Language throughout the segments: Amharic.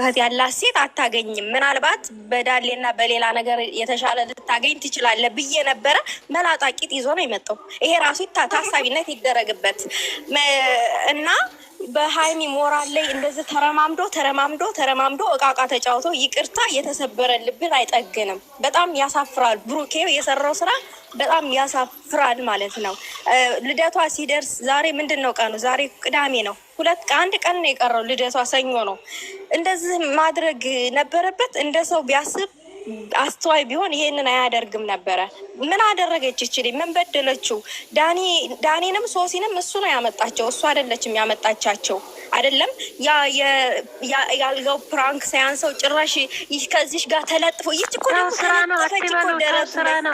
እህት ያላት ሴት አታገኝም። ምናልባት በዳሌና በሌላ ነገር የተሻለ ልታገኝ ትችላለ ብዬ ነበረ። መላጣ ቂጥ ይዞ ነው የመጣው። ይሄ ራሱ ታሳቢነት ይደረግበት እና በሀይሚ ሞራል ላይ እንደዚህ ተረማምዶ ተረማምዶ ተረማምዶ እቃቃ ተጫውቶ ይቅርታ የተሰበረ ልብን አይጠግንም። በጣም ያሳፍራል። ብሩኬ የሰራው ስራ በጣም ያሳፍራል ማለት ነው። ልደቷ ሲደርስ ዛሬ ምንድን ነው ቀኑ? ዛሬ ቅዳሜ ነው። ሁለት አንድ ቀን ነው የቀረው ልደቷ ሰኞ ነው። እንደዚህ ማድረግ ነበረበት። እንደ ሰው ቢያስብ አስተዋይ ቢሆን ይሄንን አያደርግም ነበረ። ምን አደረገች ይችል? ምን በደለችው? ዳኒንም ሶሲንም እሱ ነው ያመጣቸው፣ እሱ አይደለችም ያመጣቻቸው። አይደለም ያ ያልገው ፕራንክ ሳያንሰው ጭራሽ ይህ ከዚሽ ጋር ተለጥፎ ይች እኮ ስራ ነው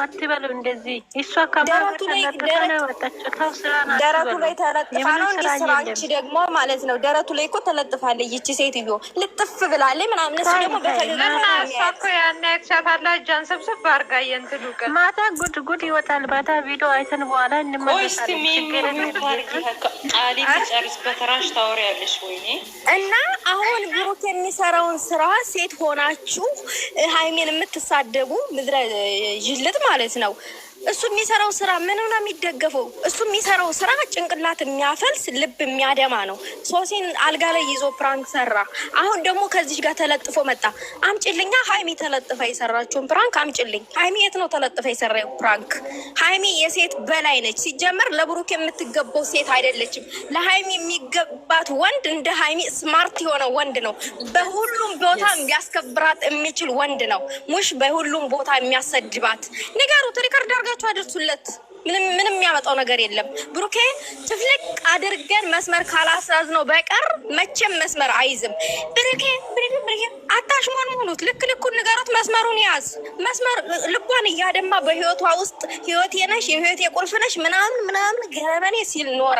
አትበሉ። እንደዚህ እሷ ደረቱ ላይ ተለጥፋ ነው እንዲ ስራች ደግሞ ማለት ነው። ደረቱ ላይ እኮ ተለጥፋለ ይቺ ሴትዮ ልጥፍ ብላለ ምናምን። እሱ ደግሞ በተገናእኮ ያን ያክሳታላ እጃን ሰብሰብ አርጋ የንትሉ ቀን ማታ ጉድ ጉድ ይወጣል። ማታ ቪዲዮ አይተን በኋላ እንመለሳለን። ስ ሚሚ ጨርስ በተራሽ ታወሪያለሽ ወይኔ። እና አሁን ብሩክ የሚሰራውን ስራ ሴት ሆናችሁ ሀይሜን የምትሳደቡ ምድረ ይልጥ ማለት ነው እሱ የሚሰራው ስራ ምን ነው የሚደገፈው? እሱ የሚሰራው ስራ ጭንቅላት የሚያፈልስ ልብ የሚያደማ ነው። ሶሲን አልጋ ላይ ይዞ ፕራንክ ሰራ። አሁን ደግሞ ከዚች ጋር ተለጥፎ መጣ። አምጭልኛ ሀይሚ ተለጥፋ የሰራችውን ፕራንክ አምጭልኝ። ሀይሚ የት ነው ተለጥፋ የሰራ ፕራንክ? ሀይሚ የሴት በላይ ነች። ሲጀመር ለብሩክ የምትገባው ሴት አይደለችም። ለሀይሚ የሚገባት ወንድ እንደ ሀይሚ ስማርት የሆነ ወንድ ነው። በሁሉም ቦታ ሊያስከብራት የሚችል ወንድ ነው። ሙሽ በሁሉም ቦታ የሚያሰድባት ንገሩት ሪከርድ አርገ አብራችሁ አድርሱለት። ምንም የሚያመጣው ነገር የለም። ብሩኬ ትፍልቅ አድርገን መስመር ካላስያዝ ነው በቀር መቼም መስመር አይዝም። ብሩኬ ብሩኬ ብሩኬ አታሽሞን ሙሉት፣ ልክ ልኩን ንገሩት፣ መስመሩን ያዝ። መስመር ልቧን እያደማ በህይወቷ ውስጥ ህይወቴ ነሽ፣ የህይወቴ ቁልፍ ነሽ ምናምን ምናምን ገበኔ ሲል ኖረ።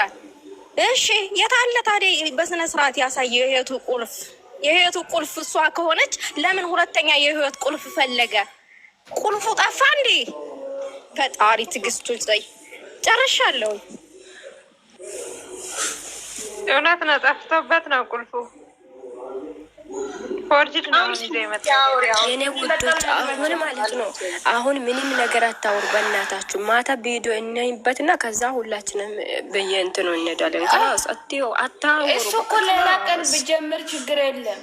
እሺ የታለ ታዲያ በስነ ስርዓት ያሳየ የህይወቱ ቁልፍ የህይወቱ ቁልፍ እሷ ከሆነች ለምን ሁለተኛ የህይወት ቁልፍ ፈለገ? ቁልፉ ጠፋ እንዴ? ፈጣሪ ትዕግስቱን ዘይ ጨርሻለሁ። እውነት ነው፣ ጠፍቶበት ነው ቁልፉ። ፎርጅድ ነው የኔ ውዶች። አሁን ማለት ነው አሁን ምንም ነገር አታውሩ በእናታችሁ። ማታ ቪዲዮ እናይበት እና ከዛ ሁላችንም በየእንትኑ እንሄዳለን። ከላስ አታውሩ። እሱ እኮ ሌላ ቀን ብጀምር ችግር የለም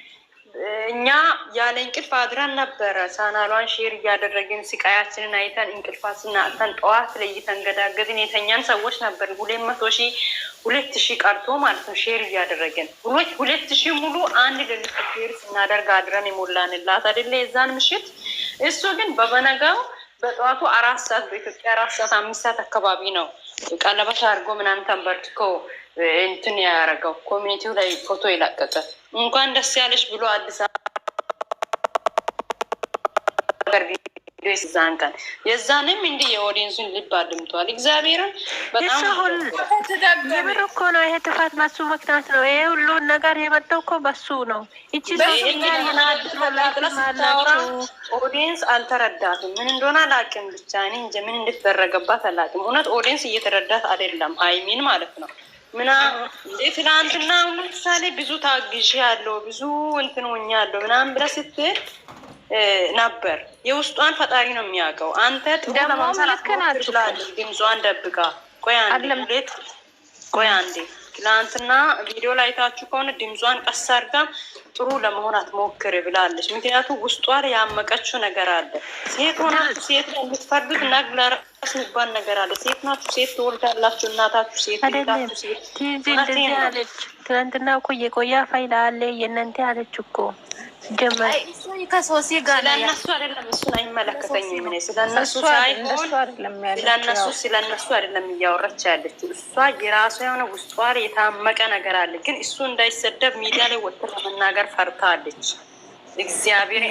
እኛ ያለ እንቅልፍ አድረን ነበረ። ሳናሏን ሼር እያደረግን ስቃያችንን አይተን እንቅልፋችንን አጥተን ጠዋት ላይ እየተንገዳገድን የተኛን ሰዎች ነበር። ሁለት መቶ ሺ ሁለት ሺ ቀርቶ ማለት ነው ሼር እያደረግን ሁለት ሁለት ሺ ሙሉ አንድ ሌሊት ሼር ስናደርግ አድረን የሞላንላት አይደለ የዛን ምሽት። እሱ ግን በበነጋው በጠዋቱ አራት ሰዓት በኢትዮጵያ አራት ሰዓት አምስት ሰዓት አካባቢ ነው ቀለበት አድርጎ ምናምን ተንበርክኮ እንትን ያደረገው ኮሚኒቲው ላይ ፎቶ የላቀቀ እንኳን ደስ ያለች ብሎ አዲስ ዛን ቀን የዛንም እንዲህ የኦዲንሱን ልብ አድምተዋል። እግዚአብሔርን በጣምሁምር እኮ ነው። ይሄ ጥፋት በሱ ምክንያት ነው። ይሄ ሁሉን ነገር የመጣው እኮ በሱ ነው። እቺ ኦዲንስ አልተረዳትም። ምን እንደሆነ አላቅም። ብቻ እኔ እንጂ ምን እንድትደረገባት አላቅም። እውነት ኦዲንስ እየተረዳት አይደለም፣ ሀይሚን ማለት ነው ምና ትናንትና አሁን ለምሳሌ ብዙ ታግዥ ያለው ብዙ እንትን ሆኛ ያለው ምናምን ብለህ ስትል ነበር። የውስጧን ፈጣሪ ነው የሚያውቀው። አንተ ጥሩ ድምጿን ደብቃ ቆይ አንዴ ሁሌት ቆይ አንዴ ትላንትና ቪዲዮ ላይ ታችሁ ከሆነ ድምጿን ቀስ አድርጋ ጥሩ ለመሆን አትሞክር ብላለች። ምክንያቱ ውስጧ ያመቀችው ነገር አለ። ሴት ሆና ሴት የምትፈርዱት ነግለራ የሚባል ነገር አለ። ሴት ናችሁ፣ ሴት ትወልዳላችሁ፣ እናታችሁ ሴት አለች። ትናንትና እኮ የቆያ ፋይል አለ የእናንተ አለች እኮ ጀመር ከሶሲ ጋር ስለነሱ አይደለም። እሱን አይመለከተኝም። እኔ ስለነሱ ሳይሆን ስለነሱ ስለነሱ አይደለም እያወራች ያለችው እሷ የራሷ የሆነ ውስጧ የታመቀ ነገር አለ። ግን እሱ እንዳይሰደብ ሚዲያ ላይ ወጥታ ለመናገር ፈርታለች። እግዚአብሔር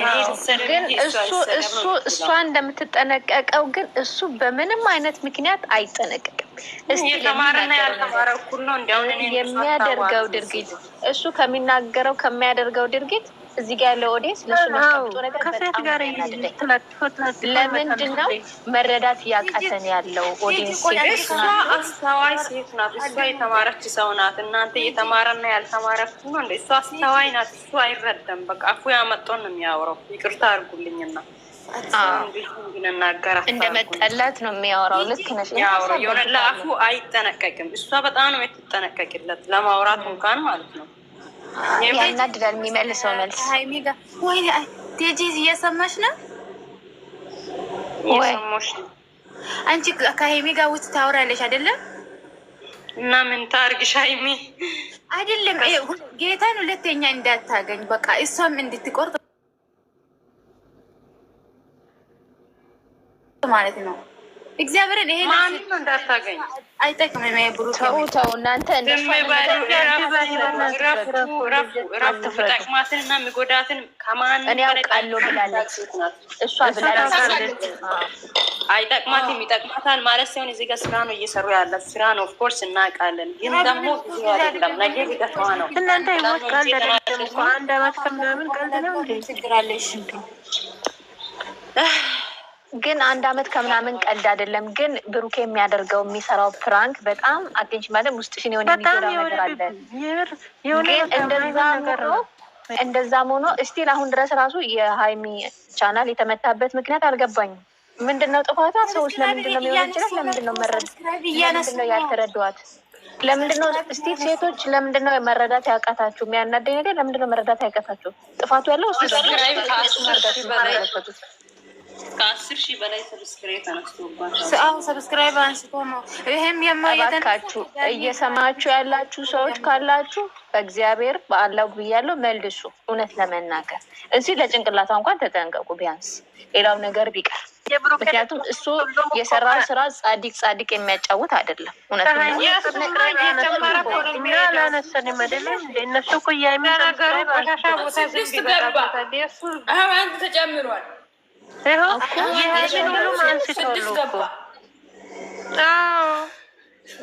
ግን እሱ እሱ እሷ እንደምትጠነቀቀው ግን እሱ በምንም አይነት ምክንያት አይጠነቀቅም። የሚያደርገው ድርጊት እሱ ከሚናገረው ከሚያደርገው ድርጊት እዚህ ጋር ያለው ኦዲንስ ለሱ ከሴት ጋር ለምንድን ነው መረዳት እያቃተን ያለው? ኦዲየንስ አስተዋይ ሴት ናት። እሷ የተማረች ሰው ናት። እናንተ የተማረና ያልተማረች ነው እንደ እሷ አስተዋይ ናት። እሱ አይረዳም። በቃ አፉ ያመጣውን ነው የሚያወራው። ይቅርታ አድርጉልኝና እንደመጠላት ነው የሚያወራው። ልክ ነሽ። ለአፉ አይጠነቀቅም። እሷ በጣም ነው የምትጠነቀቅለት ለማውራት እንኳን ማለት ነው ያናድዳል የሚመልሰው መልስ። ወይ ቴጂ እየሰማሽ ነው ወይ? አንቺ ከሀይሚ ጋር ውስጥ ታወራለሽ አይደለም? እና ምን ታርግሽ ሀይሚ አይደለም ጌታን ሁለተኛ እንዳታገኝ በቃ እሷም እንድትቆርጥ ማለት ነው። እግዚአብሔርን ይሄ ማንም እንዳታገኝ አይጠቅምም። ተው እናንተ እና የሚጎዳትን ከማን እኔ አውቃለሁ ብላለች እሷ ብላለች። ማለት ሲሆን እዚህ ጋር ስራ ነው እየሰሩ ያለ ስራ ነው። ኦፍኮርስ እናውቃለን፣ ግን ደግሞ አይደለም። ነገ ነው። እናንተ ይሞት ቀልድ ነው። ችግር አለሽ ግን አንድ አመት ከምናምን ቀልድ አይደለም። ግን ብሩኬ የሚያደርገው የሚሰራው ፕራንክ በጣም አቴንሽን ማለት ውስጥሽን የሆነ የሚጎዳው ነገር አለ። ግን እንደዛም ሆኖ እንደዛም ሆኖ እስቲል አሁን ድረስ ራሱ የሀይሚ ቻናል የተመታበት ምክንያት አልገባኝም። ምንድን ነው ጥፋቷ? ሰዎች ለምንድን ነው የሚሆን ይችላል? ለምንድን ነው መረድ ለምንድን ነው ያልተረዷት? ለምንድን ነው እስቲል ሴቶች ለምንድን ነው መረዳት ያውቃታችሁ? የሚያናደኝ ነገር ለምንድን ነው መረዳት ያውቃታችሁ? ጥፋቱ ያለው ስ ከአስር ሺህ በላይ ሰብስክራይብ ተነስቶባል። ሰብስክራይብ አንስቶ ነው። ይህም የማየተካችሁ እየሰማችሁ ያላችሁ ሰዎች ካላችሁ በእግዚአብሔር በአላሁ ብያለሁ መልሱ። እውነት ለመናገር እዚህ ለጭንቅላቷ እንኳን ተጠንቀቁ፣ ቢያንስ ሌላው ነገር ቢቀር ምክንያቱም እሱ የሰራ ስራ ጻዲቅ ጻዲቅ የሚያጫውት አይደለም። እውነት ተጨምሯል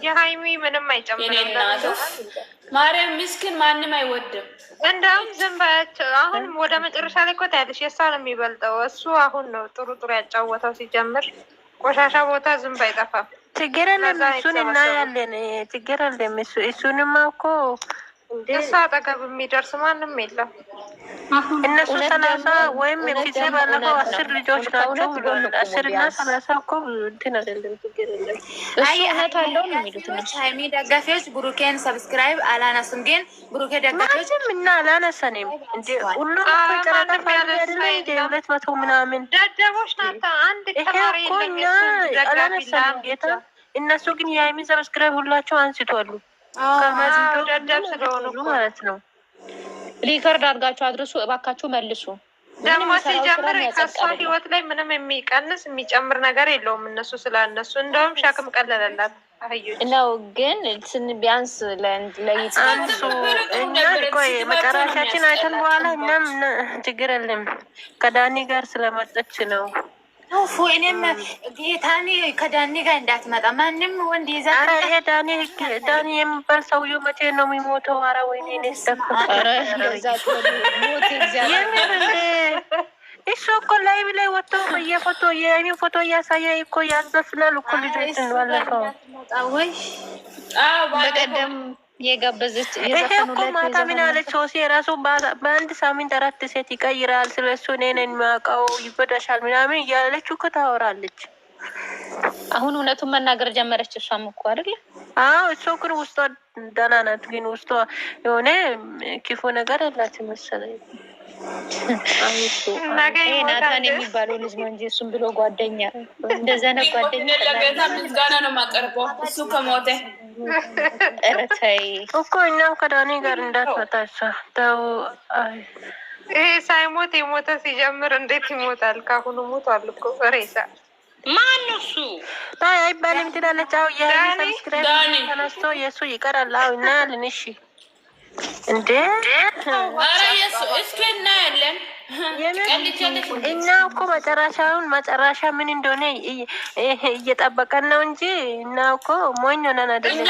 የሀይሚ ምንም አይጨምርም። ማርያም ምስኪን ማንም አይወድም። እንደውም ዝም በያቸው። አሁን ወደ መጨረሻ ላይ እኮ ታያለሽ፣ የእሷ ነው የሚበልጠው። እሱ አሁን ነው ጥሩ ጥሩ ያጫወተው ሲጀምር ቆሻሻ ቦታ ዝም ባይጠፋም ችግር የለም። እሱን እናያለን። ችግር የለም። እሱንማ እኮ እሷ አጠገብ የሚደርስ ማንም የለም። እነሱ ሰላሳ ወይም የፊት ባለፈው አስር ልጆች ናቸው ብሏል። አስር እና ሰላሳ እኮ እንትን አይደለም። ደጋፊዎች ብሩኬን ሰብስክራይብ አላነሱም፣ ግን ብሩኬ ደጋፊዎች እና አላነሰንም። ሁሉም ሁለት መቶ ምናምን አላነሰንም ጌታ። እነሱ ግን የሃይሚ ሰብስክራይብ ሁላቸው አንስቷሉ ነው ሪከርድ አድርጋችሁ አድርሱ እባካችሁ መልሱ። ደግሞ ሲጀምር ከሷ ህይወት ላይ ምንም የሚቀንስ የሚጨምር ነገር የለውም። እነሱ ስላነሱ እንደውም ሸክም ቀለለላት ነው። ግን ስን ቢያንስ ለይትሱ መጨረሻችን አይተን በኋላ እኛም ችግር የለም ከዳኒ ጋር ስለመጠች ነው ኡፍ እኔም ጌታኔ ከዳኒ ጋር እንዳትመጣ ማንም ወንድ ይዛ ዳኒ ዳኒ የሚባል ሰውዬው መቼ ነው የሚሞተው? አረ ወይኔ እሱ እኮ ላይ ላይ ወጥቶ የፎቶ የሚ ፎቶ እያሳየ እኮ ያዘፍናል እኮ ልጆች ዋለፈው በቀደም የጋበዘች እኮ ማታ ምን አለች? ሶሲ የራሱ በአንድ ሳምንት አራት ሴት ይቀይራል፣ ስለሱ እኔ ነኝ የማውቀው፣ ይበዳሻል ምናምን እያለች እኮ ታወራለች። አሁን እውነቱን መናገር ጀመረች። እሷም እኮ አይደለ? አዎ እሷ ግን ውስጧ ደህና ናት፣ ግን ውስጧ የሆነ ክፉ ነገር አላት መሰለኝ። ናታን የሚባለው ልጅ ነው እንጂ እሱም ብሎ ጓደኛ እንደዛ ነው። ጓደኛ ምስጋና ነው የማቀርበው። እሱ ከሞተ ኧረ እኮ እኛም ከዳኒ ጋር እንዳትመጣ እሷ ተው። ይሄ ሳይሞት የሞተ ሲጀምር እንዴት ይሞታል? ካሁኑ ሞቷል እኮ ሬሳ ማን እሱ ታይ አይባልም ትላለች። አዎ የሰብስክራይብ ተነስቶ የእሱ ይቀራል። አዎ እናያለን። እሺ እንዴ እስኪ እናያለን። እኛ እኮ መጨረሻውን መጨረሻ ምን እንደሆነ እየጠበቀን ነው እንጂ እና እኮ ሞኝ ሆነን አይደለም።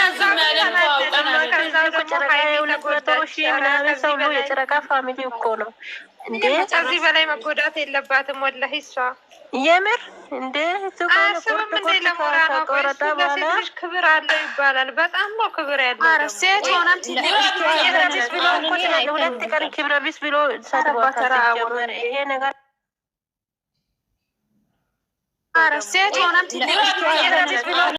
ጨረቃ ሁለት መቶ ሺህ ምናምን ሰው የጨረቃ ፋሚሊ እኮ ነው ከዚህ በላይ መጎዳት የለባትም። ወላሂ እሷ የምር እንደ አያስብም እንዴ ለሞራል ቆረጣ በኋላ ትንሽ ክብር አለው ይባላል። በጣም ነው ክብር ያለው። ኧረ ሴት ሆናም ሁለት ቀን ክብረ ቢስ ብሎ ይሄ ነገር ኧረ ሴት ሆናም